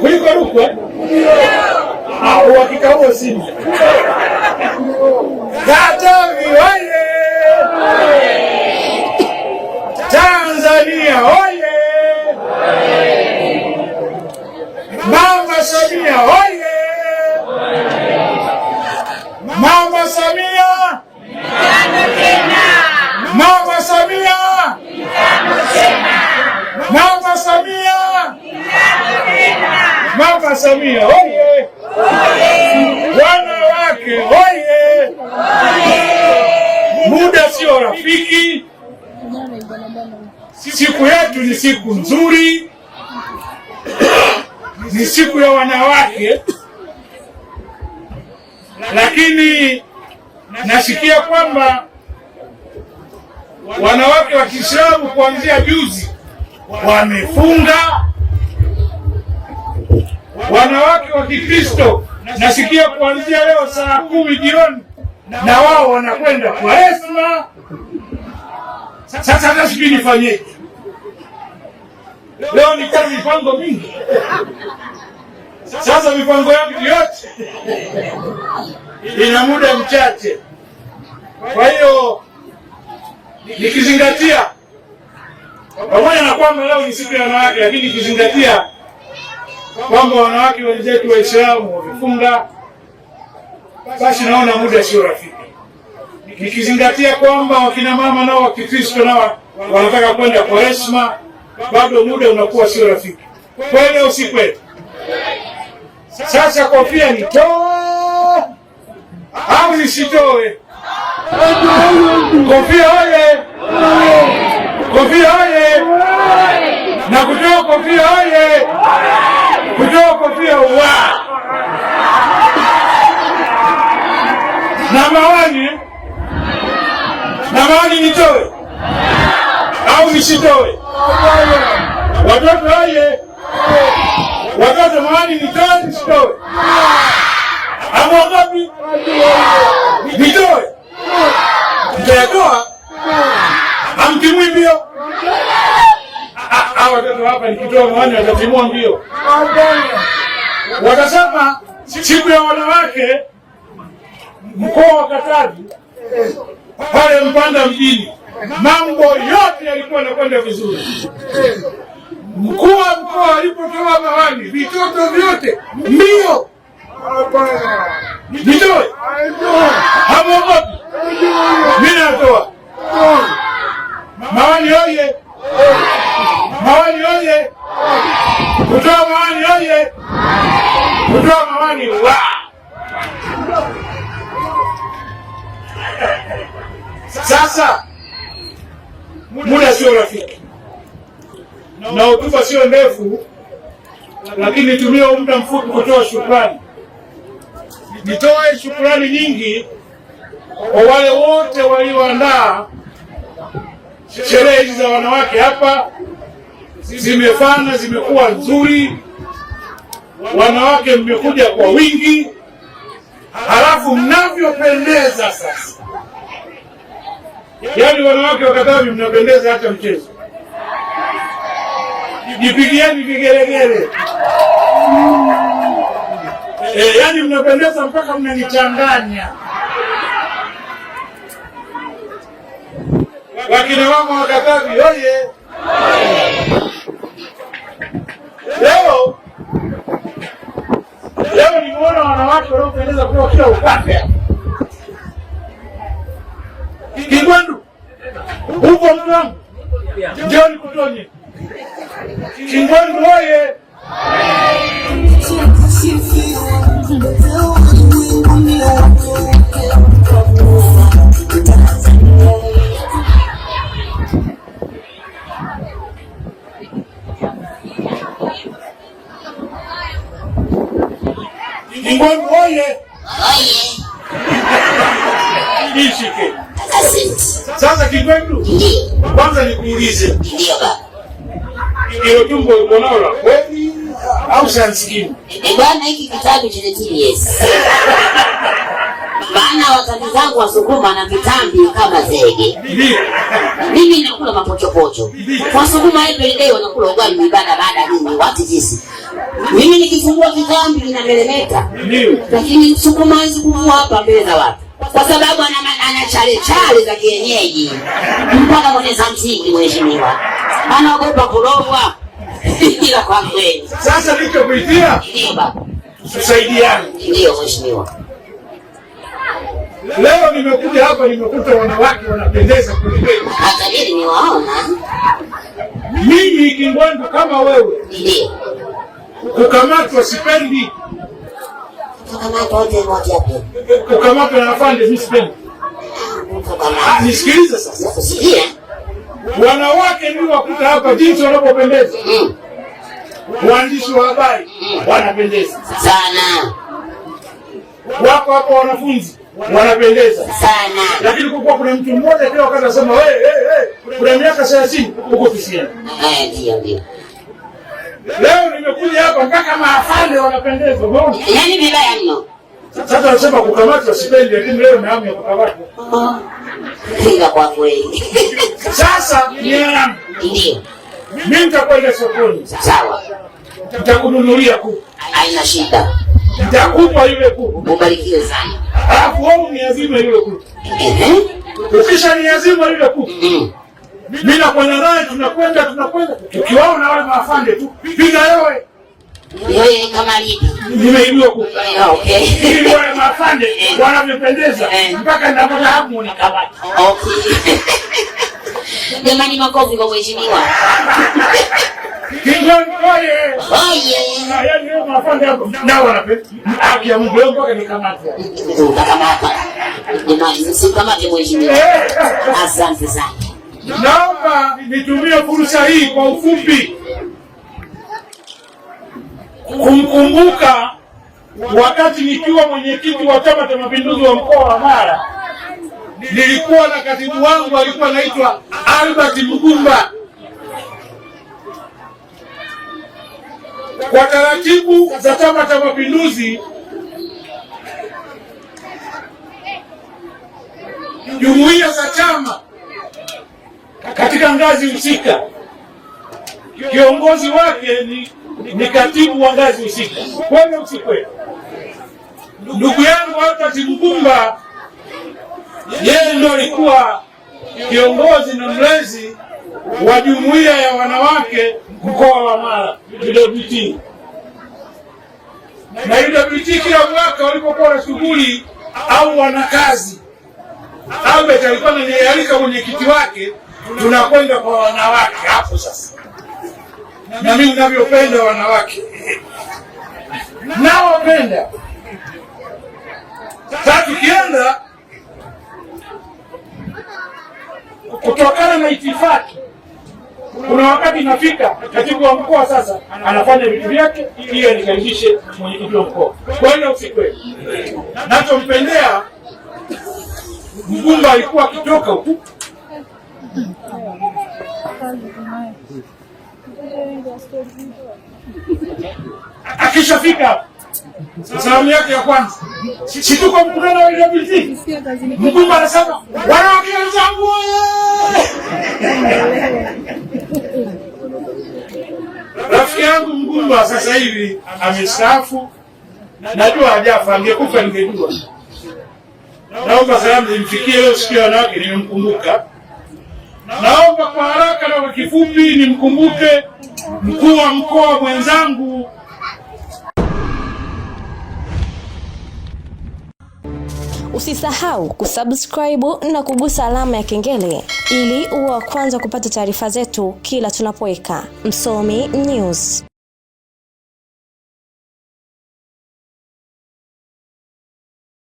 kuliko Rukwe? Uhakika huo sina. Samia oye! Wanawake oye! Muda sio rafiki, siku yetu ni siku nzuri, ni siku ya wanawake, lakini nasikia kwamba wanawake wa Kiislamu kuanzia juzi wamefunga wanawake wa Kikristo nasikia kuanzia leo saa kumi jioni na wao wanakwenda kwa esma Sasa hata sijui nifanyeje. Leo nikuwa na mipango mingi, sasa mipango yangu yote ina muda mchache. Kwa hiyo nikizingatia pamoja na kwamba leo ni siku ya wanawake, lakini nikizingatia kwamba wanawake wenzetu Waislamu wamefunga, basi naona muda sio rafiki, nikizingatia kwamba wakina mama nao wa Kikristo nao wanataka kwenda kwa Kwaresma, bado muda unakuwa sio rafiki. Kweli au si kweli? Sasa kofia nitoe au nisitoe? Kofia oye! Kofia oye! na kutoa kofia oye! huyo wa na mawani na mawani nitoe au nisitoe? Watoto waye watoto, mawani nitoe nisitoe? Amwogopi, nitoe nitayatoa. Amtimwi mbio ah, ah, ah, watoto hapa, nikitoa mawani watatimua mbio. Wakasema siku ya wanawake mkoa wa Katavi pale Mpanda mjini, mambo yote yalikuwa yanakwenda vizuri. Mkuu wa mkoa alipotoa mawani, vitoto vyote mbio Sasa muda sio rafiki na hotuba sio ndefu, lakini nitumie muda mfupi kutoa shukrani. Nitoe shukrani nyingi kwa wale wote walioandaa sherehe hizi za wanawake hapa. Zimefana, zimekuwa nzuri, wanawake mmekuja kwa wingi, halafu mnavyopendeza sasa Yaani wanawake wa Katavi mnapendeza hata mchezo. Jipigieni vigelegele. Eh, yaani mnapendeza mpaka mnanichanganya. Wakina mama wa Katavi oye! Leo leo nimeona wanawake wanaopendeza kutoka kila upande. Njoni kutonye, Kinjoni moye Kinjoni moye ishike sasa Kigwendu, kwanza nikuulize, hilo jumbo uko nalo la kweli au sansikimu? Eh, bwana, hiki kitabu cha yes. Bana wazazi zangu Wasukuma na vitambi kama zege, mimi nakula mapochopocho. Wasukuma every day wanakula ugali ibada baada ya mimi wati jisi mimi nikifungua kitambi inamelemeta, lakini Msukuma hizi kuvua hapa mbele za watu kwa sababu ana, ana chale chale za kienyeji mpaka mwenye mziki. Mheshimiwa anaogopa kulogwa ila kwa kweli sasa nilichokuitia tusaidiane. Ndio mheshimiwa, leo nimekuja hapa, nimekuta wanawake wanapendeza kwelikweli, hata mimi niwaona mimi Kingwendu kama wewe. Ndio kukamatwa sipendi Kukamatwa na afande mimi ah, Nisikilize sasa. Wanawake ni wakuta hapa jinsi wanapopendeza. Waandishi wa habari wanapendeza sana. Wako hapa wanafunzi wanapendeza sana. Lakini kukuwa kuna mtu mmoja kila wakati anasema kuna miaka thelathini uko ofisini. Eh, ndio ndio. Leo nimekuja hapa mpaka maafande wanapendezwa. Yaani vibaya mno. Sasa nasema kukamatwa sipendi, lakini leo ni hamu ya kukamatwa. Kinga kwa kweli. Sasa ni niam. Ndio. Mimi nitakwenda sokoni. Sawa. Nitakununulia kuku. Haina shida. Nitakupa yule kuku. Mubarikiwe sana. Alafu wewe uniazima yule kuku. Ukisha niazima yule kuku. Mm. Mimi kwenda naye tunakwenda tunakwenda, tukiwaona wale maafande tu piga yowe. Wewe kama alipi nimeibiwa kwa ah, okay, ili wale maafande eh. wanavyopendeza eh. mpaka ndapata hapo ni kabati. Okay, jamani, makofi kwa mheshimiwa. Ah, msikamate mheshimiwa, eh. asante sana. Naomba nitumie fursa hii kwa ufupi kumkumbuka wakati nikiwa mwenyekiti wa Chama cha Mapinduzi wa mkoa wa Mara, nilikuwa na katibu wangu alikuwa anaitwa Albert Mgumba. Kwa taratibu za Chama cha Mapinduzi, jumuiya za chama katika ngazi husika, kiongozi wake ni, ni katibu wa ngazi husika. Kweli kweli? Ndugu yangu hata Mkumba yeye ndo alikuwa kiongozi na mlezi wa jumuiya ya wanawake mkoa wa Mara UWT, na UWT kila mwaka walipokuwa na shughuli au wanakazi Albert alikuwa ananialika mwenyekiti wake tunakwenda kwa wanawake hapo sasa, na mimi ninavyopenda wanawake nawapenda sasa. Tukienda kutokana na itifaki, kuna wakati inafika katibu wa mkoa sasa anafanya vitu vyake ili anikaribishe mwenyekiti wa mkoa. Kwa hiyo usikweli, Nachompendea Mgumba alikuwa akitoka huku Akishafika salamu yake ya kwanza, si mkutano wa LGBT, mjumbe anasema wanawake wenzangu, rafiki yangu Mgundwa sasa hivi amestaafu. Najua hajafa, angekufa ningejua. Naomba salamu zimfikie leo, siku ya wanawake nimemkumbuka. Naomba kwa haraka na kwa kifupi nimkumbuke mkuu wa mkoa mwenzangu Usisahau kusubscribe na kugusa alama ya kengele ili uwe wa kwanza kupata taarifa zetu kila tunapoweka. Msomi News.